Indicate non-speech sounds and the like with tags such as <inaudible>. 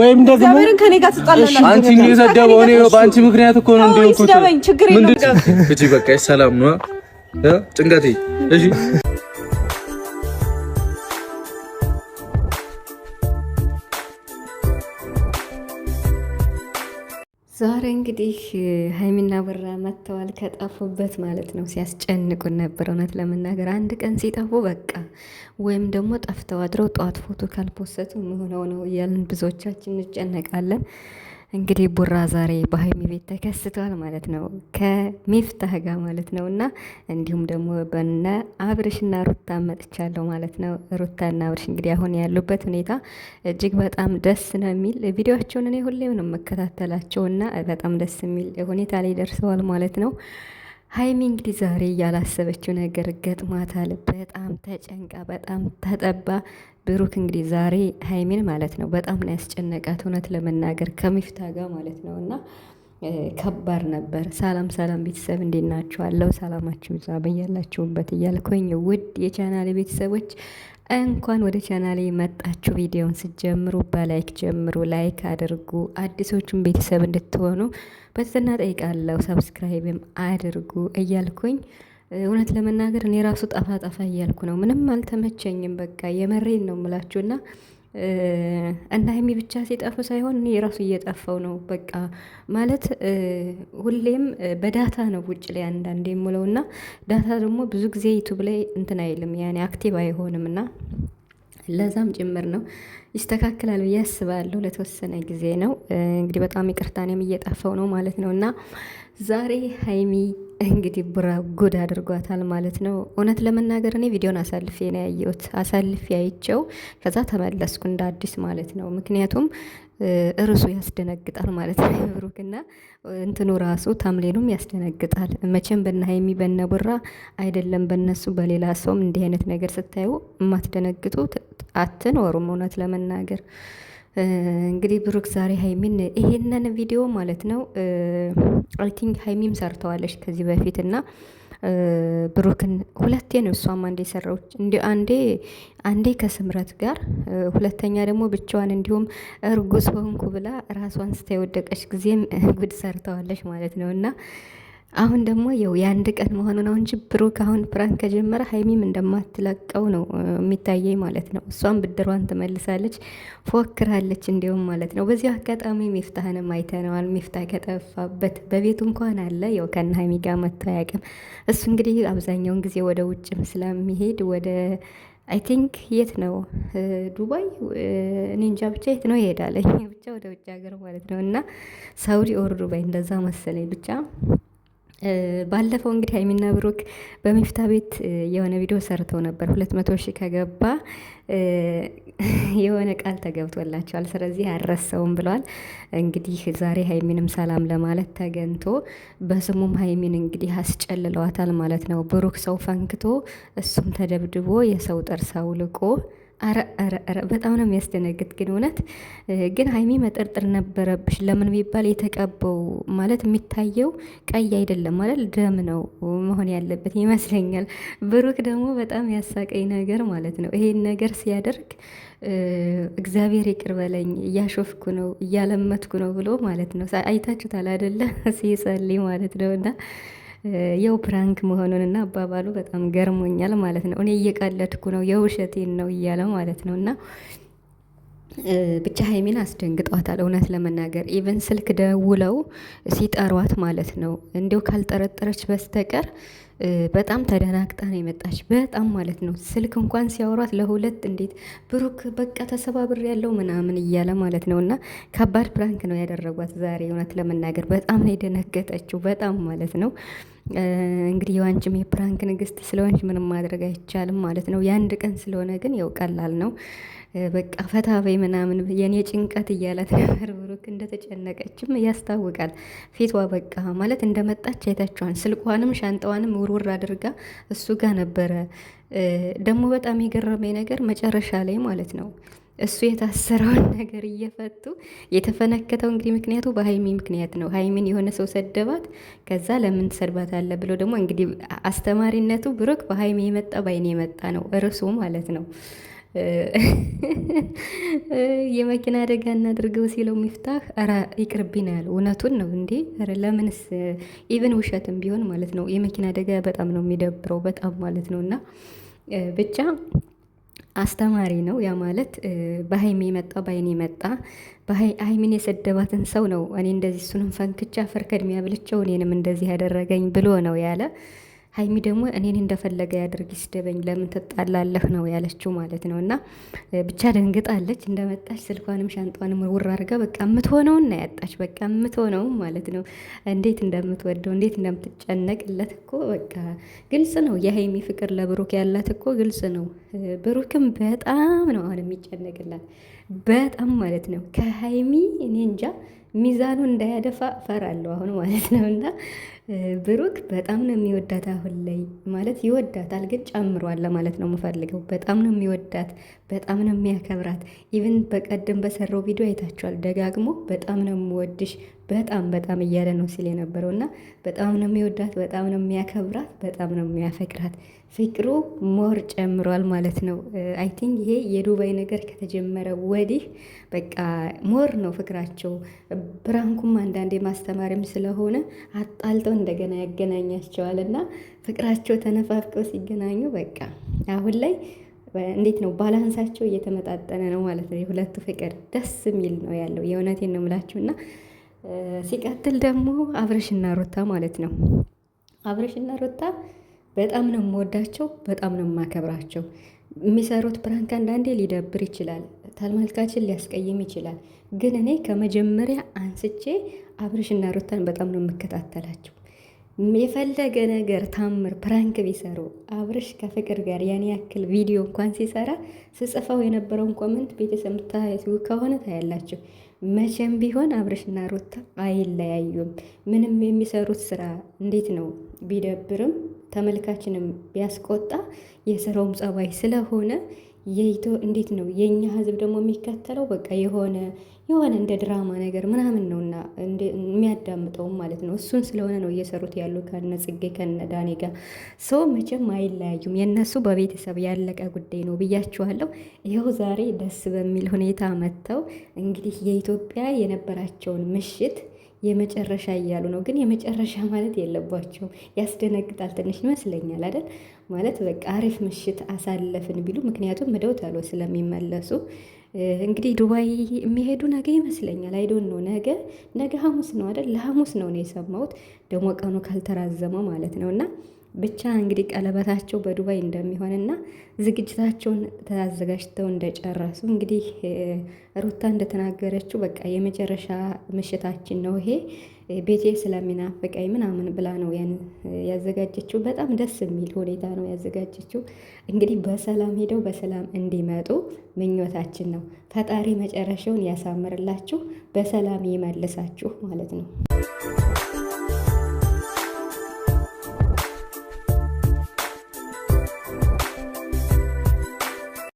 ወይም ደግሞ በአንቺ ምክንያት እኮ ነው። እንደው ሰላም ነው ጭንቀቴ። እሺ ዛሬ እንግዲህ ሀይሚና ብራ መጥተዋል ከጠፉበት ማለት ነው። ሲያስጨንቁን ነበር እውነት ለመናገር አንድ ቀን ሲጠፉ በቃ ወይም ደግሞ ጠፍተው አድረው ጠዋት ፎቶ ካልፖሰቱ ሆነው ነው እያልን ብዙዎቻችን እንጨነቃለን። እንግዲህ ቡራ ዛሬ በሀይሚ ቤት ተከስቷል ማለት ነው፣ ከሚፍታህ ጋር ማለት ነው። እና እንዲሁም ደግሞ በነ አብርሽና ሩታ መጥቻለሁ ማለት ነው። ሩታና አብርሽ እንግዲህ አሁን ያሉበት ሁኔታ እጅግ በጣም ደስ ነው የሚል ቪዲዮቸውን እኔ ሁሌም ነው መከታተላቸው እና በጣም ደስ የሚል ሁኔታ ላይ ደርሰዋል ማለት ነው። ሀይሚ እንግዲህ ዛሬ ያላሰበችው ነገር ገጥሟታል። በጣም ተጨንቃ፣ በጣም ተጠባ። ብሩክ እንግዲህ ዛሬ ሀይሚን ማለት ነው በጣም ነው ያስጨነቃት፣ እውነት ለመናገር ከሚፍታ ጋር ማለት ነው እና ከባድ ነበር። ሰላም ሰላም ቤተሰብ እንዴት ናችኋለሁ? ሰላማችሁ ዛ በያላችሁበት እያልኩኝ ውድ የቻናሌ ቤተሰቦች እንኳን ወደ ቻናሌ መጣችሁ። ቪዲዮውን ስጀምሩ በላይክ ጀምሩ፣ ላይክ አድርጉ። አዲሶቹን ቤተሰብ እንድትሆኑ በትህትና ጠይቃለሁ። ሰብስክራይብም አድርጉ እያልኩኝ እውነት ለመናገር እኔ ራሱ ጠፋ ጠፋ እያልኩ ነው። ምንም አልተመቸኝም። በቃ የመሬን ነው የምላችሁና እና ሀይሚ ብቻ ሲጠፉ ሳይሆን እኔ ራሱ እየጠፋው ነው። በቃ ማለት ሁሌም በዳታ ነው ውጭ ላይ አንዳንዴ የምለው እና ዳታ ደግሞ ብዙ ጊዜ ዩቱብ ላይ እንትን አይልም ያኔ አክቲቭ አይሆንም እና ለዛም ጭምር ነው። ይስተካከላል ብዬ አስባለሁ። ለተወሰነ ጊዜ ነው እንግዲህ። በጣም ይቅርታ እኔም እየጠፋው ነው ማለት ነው እና ዛሬ ሀይሚ እንግዲህ ቡራ ጉድ አድርጓታል ማለት ነው። እውነት ለመናገር እኔ ቪዲዮን አሳልፌ ነው ያየሁት። አሳልፌ አይቼው ከዛ ተመለስኩ እንደ አዲስ ማለት ነው። ምክንያቱም እርሱ ያስደነግጣል ማለት ነው። ብሩክና እንትኑ ራሱ ታምሌኑም ያስደነግጣል። መቼም በነ ሀይሚ በነ ቡራ አይደለም በነሱ በሌላ ሰውም እንዲህ አይነት ነገር ስታዩ የማትደነግጡ አትኖሩም እውነት ለመናገር እንግዲህ ብሩክ ዛሬ ሀይሚን ይሄንን ቪዲዮ ማለት ነው አይ ቲንክ ሀይሚም ሰርተዋለች ከዚህ በፊት እና ብሩክን ሁለቴ ነው እሷም አንዴ ሰራዎች እንዲ አንዴ አንዴ ከስምረት ጋር ሁለተኛ ደግሞ ብቻዋን እንዲሁም እርጉዝ ሆንኩ ብላ ራሷን ስታ የወደቀች ጊዜም ጉድ ሰርተዋለች ማለት ነው እና አሁን ደግሞ የው የአንድ ቀን መሆኑ ነው እንጂ ብሩክ አሁን ፕራንክ ከጀመረ ሀይሚም እንደማትለቀው ነው የሚታየኝ ማለት ነው። እሷም ብድሯን ትመልሳለች፣ ፎክራለች እንዲሁም ማለት ነው። በዚህ አጋጣሚ ሚፍታህንም አይተነዋል። ሚፍታህ ከጠፋበት በቤቱ እንኳን አለ ያው ከነ ሀይሚ ጋር መጥቶ አያውቅም። እሱ እንግዲህ አብዛኛውን ጊዜ ወደ ውጭም ስለሚሄድ ወደ አይ ቲንክ የት ነው ዱባይ፣ እኔ እንጃ ብቻ የት ነው ይሄዳለኝ፣ ብቻ ወደ ውጭ ሀገር ማለት ነው እና ሳውዲ ኦር ዱባይ እንደዛ መሰለኝ ብቻ ባለፈው እንግዲህ ሀይሚና ብሩክ በሚፍታ ቤት የሆነ ቪዲዮ ሰርተው ነበር። ሁለት መቶ ሺህ ከገባ የሆነ ቃል ተገብቶላቸዋል። ስለዚህ አልረሰውም ብለዋል። እንግዲህ ዛሬ ሀይሚንም ሰላም ለማለት ተገንቶ በስሙም ሀይሚን እንግዲህ አስጨልለዋታል ማለት ነው። ብሩክ ሰው ፈንክቶ እሱም ተደብድቦ የሰው ጥርስ አውልቆ አረ አረ አረ በጣም ነው የሚያስደነግጥ። ግን እውነት ግን ሀይሚ መጠርጥር ነበረብሽ። ለምን የሚባል የተቀባው ማለት የሚታየው ቀይ አይደለም ማለት ደም ነው መሆን ያለበት ይመስለኛል። ብሩክ ደግሞ በጣም ያሳቀኝ ነገር ማለት ነው ይሄን ነገር ሲያደርግ እግዚአብሔር ይቅር በለኝ እያሾፍኩ ነው እያለመትኩ ነው ብሎ ማለት ነው። አይታችሁታል አይደለ? <laughs> ሲጸልይ ማለት ነው እና የው ፕራንክ መሆኑንና አባባሉ በጣም ገርሞኛል ማለት ነው። እኔ እየቀለድኩ ነው የውሸቴን ነው እያለ ማለት ነው እና ብቻ ሀይሚን አስደንግጧታል። እውነት ለመናገር ኢቨን ስልክ ደውለው ሲጠሯት ማለት ነው እንዲው ካልጠረጠረች በስተቀር በጣም ተደናግጣ ነው የመጣች። በጣም ማለት ነው። ስልክ እንኳን ሲያወሯት ለሁለት እንዴት ብሩክ በቃ ተሰባብር ያለው ምናምን እያለ ማለት ነው። እና ከባድ ፕራንክ ነው ያደረጓት ዛሬ። እውነት ለመናገር በጣም ነው የደነገጠችው። በጣም ማለት ነው። እንግዲህ የዋንችም የፕራንክ ንግስት ስለሆንች ምንም ማድረግ አይቻልም ማለት ነው። የአንድ ቀን ስለሆነ ግን ያው ቀላል ነው። በቃ ፈታ በይ ምናምን የኔ ጭንቀት እያላት ነበር። ብሩክ እንደተጨነቀችም ያስታውቃል። ፊቷ በቃ ማለት እንደመጣች አይታችኋል። ስልኳንም ሻንጣዋንም ውርውር አድርጋ እሱ ጋር ነበረ። ደግሞ በጣም የገረመኝ ነገር መጨረሻ ላይ ማለት ነው እሱ የታሰረውን <laughs> ነገር እየፈቱ የተፈነከተው እንግዲህ ምክንያቱ በሀይሚ ምክንያት ነው። ሀይሚን የሆነ ሰው ሰደባት። ከዛ ለምን ሰድባት አለ ብሎ ደግሞ እንግዲህ አስተማሪነቱ ብሩክ በሀይሚ የመጣ ባይኔ የመጣ ነው እርሱ ማለት ነው። <laughs> የመኪና አደጋ እናድርገው ሲለው ሚፍታህ ኧረ ይቅርብናል፣ ያለው። እውነቱን ነው እንዴ! ኧረ ለምንስ ኢቨን ውሸትም ቢሆን ማለት ነው የመኪና አደጋ በጣም ነው የሚደብረው፣ በጣም ማለት ነው እና ብቻ አስተማሪ ነው። ያ ማለት በሀይሜ የመጣ በአይን የመጣ አይሚን የሰደባትን ሰው ነው እኔ እንደዚህ እሱንም ፈንክቻ ፈርከድሚያ ብልቸው እኔንም እንደዚህ ያደረገኝ ብሎ ነው ያለ ሀይሚ ደግሞ እኔን እንደፈለገ ያድርግ ይስደበኝ፣ ለምን ትጣላለህ ነው ያለችው ማለት ነው። እና ብቻ ደንግጣለች እንደመጣች ስልኳንም ሻንጧንም ውር አድርጋ በቃ የምትሆነውን ና ያጣች። በቃ የምትሆነው ማለት ነው። እንዴት እንደምትወደው እንዴት እንደምትጨነቅለት እኮ በቃ ግልጽ ነው። የሀይሚ ፍቅር ለብሩክ ያላት እኮ ግልጽ ነው። ብሩክም በጣም ነው አሁን የሚጨነቅላት በጣም ማለት ነው ከሀይሚ እኔ እንጃ ሚዛኑ እንዳያደፋ ፈራለሁ አሁን ማለት ነው። እና ብሩክ በጣም ነው የሚወዳት አሁን ላይ ማለት ይወዳታል፣ ግን ጨምሯል ለማለት ነው የምፈልገው። በጣም ነው የሚወዳት፣ በጣም ነው የሚያከብራት። ኢቭን በቀደም በሰራው ቪዲዮ አይታችኋል። ደጋግሞ በጣም ነው የምወድሽ በጣም በጣም እያለ ነው ሲል የነበረው እና በጣም ነው የሚወዳት፣ በጣም ነው የሚያከብራት፣ በጣም ነው የሚያፈቅራት። ፍቅሩ ሞር ጨምሯል ማለት ነው። አይ ቲንክ ይሄ የዱባይ ነገር ከተጀመረ ወዲህ በቃ ሞር ነው ፍቅራቸው። ብራንኩም አንዳንዴ ማስተማሪም ስለሆነ አጣልጠው እንደገና ያገናኛቸዋል እና ፍቅራቸው ተነፋፍቀው ሲገናኙ በቃ አሁን ላይ እንዴት ነው ባላንሳቸው እየተመጣጠነ ነው ማለት ነው። የሁለቱ ፍቅር ደስ የሚል ነው ያለው። የእውነቴን ነው የምላችሁ እና ሲቀጥል ደግሞ አብረሽና ሩታ ማለት ነው። አብረሽና ሩታ በጣም ነው የምወዳቸው፣ በጣም ነው የማከብራቸው። የሚሰሩት ፕራንክ አንዳንዴ ሊደብር ይችላል፣ ተመልካችን ሊያስቀይም ይችላል። ግን እኔ ከመጀመሪያ አንስቼ አብረሽና ሩታን በጣም ነው የምከታተላቸው። የፈለገ ነገር ታምር ፕራንክ ቢሰሩ አብርሽ ከፍቅር ጋር ያን ያክል ቪዲዮ እንኳን ሲሰራ ስጽፈው የነበረውን ኮመንት ቤተሰብ ታዩ ከሆነ ታያላቸው መቼም ቢሆን አብርሽና ሩታ አይለያዩም። ምንም የሚሰሩት ስራ እንዴት ነው ቢደብርም ተመልካችንም ቢያስቆጣ የስራውም ጸባይ ስለሆነ የይቶ እንዴት ነው የእኛ ህዝብ ደግሞ የሚከተለው በቃ የሆነ የሆነ እንደ ድራማ ነገር ምናምን ነውና የሚያዳምጠውም ማለት ነው። እሱን ስለሆነ ነው እየሰሩት ያሉ ከነ ጽጌ ከነ ዳኔ ጋር ሰው መቼም አይለያዩም። የእነሱ በቤተሰብ ያለቀ ጉዳይ ነው ብያችኋለሁ። ይኸው ዛሬ ደስ በሚል ሁኔታ መጥተው እንግዲህ የኢትዮጵያ የነበራቸውን ምሽት የመጨረሻ እያሉ ነው። ግን የመጨረሻ <laughs> ማለት የለባቸውም። ያስደነግጣል ትንሽ ይመስለኛል አይደል? ማለት በቃ አሪፍ ምሽት አሳለፍን ቢሉ ምክንያቱም መደውት ስለሚመለሱ እንግዲህ ዱባይ የሚሄዱ ነገ ይመስለኛል። አይዶን ነው ነገ ነገ ሐሙስ ነው አይደል? ለሐሙስ ነው ነው የሰማሁት ደግሞ ቀኑ ካልተራዘመው ማለት ነው እና ብቻ እንግዲህ ቀለበታቸው በዱባይ እንደሚሆንና ዝግጅታቸውን ተዘጋጅተው እንደጨረሱ እንግዲህ ሩታ እንደተናገረችው በቃ የመጨረሻ ምሽታችን ነው ይሄ ቤቴ ስለሚናፍቀኝ ምናምን ብላ ነው ያዘጋጀችው። በጣም ደስ የሚል ሁኔታ ነው ያዘጋጀችው። እንግዲህ በሰላም ሄደው በሰላም እንዲመጡ ምኞታችን ነው። ፈጣሪ መጨረሻውን ያሳምርላችሁ፣ በሰላም ይመልሳችሁ ማለት ነው።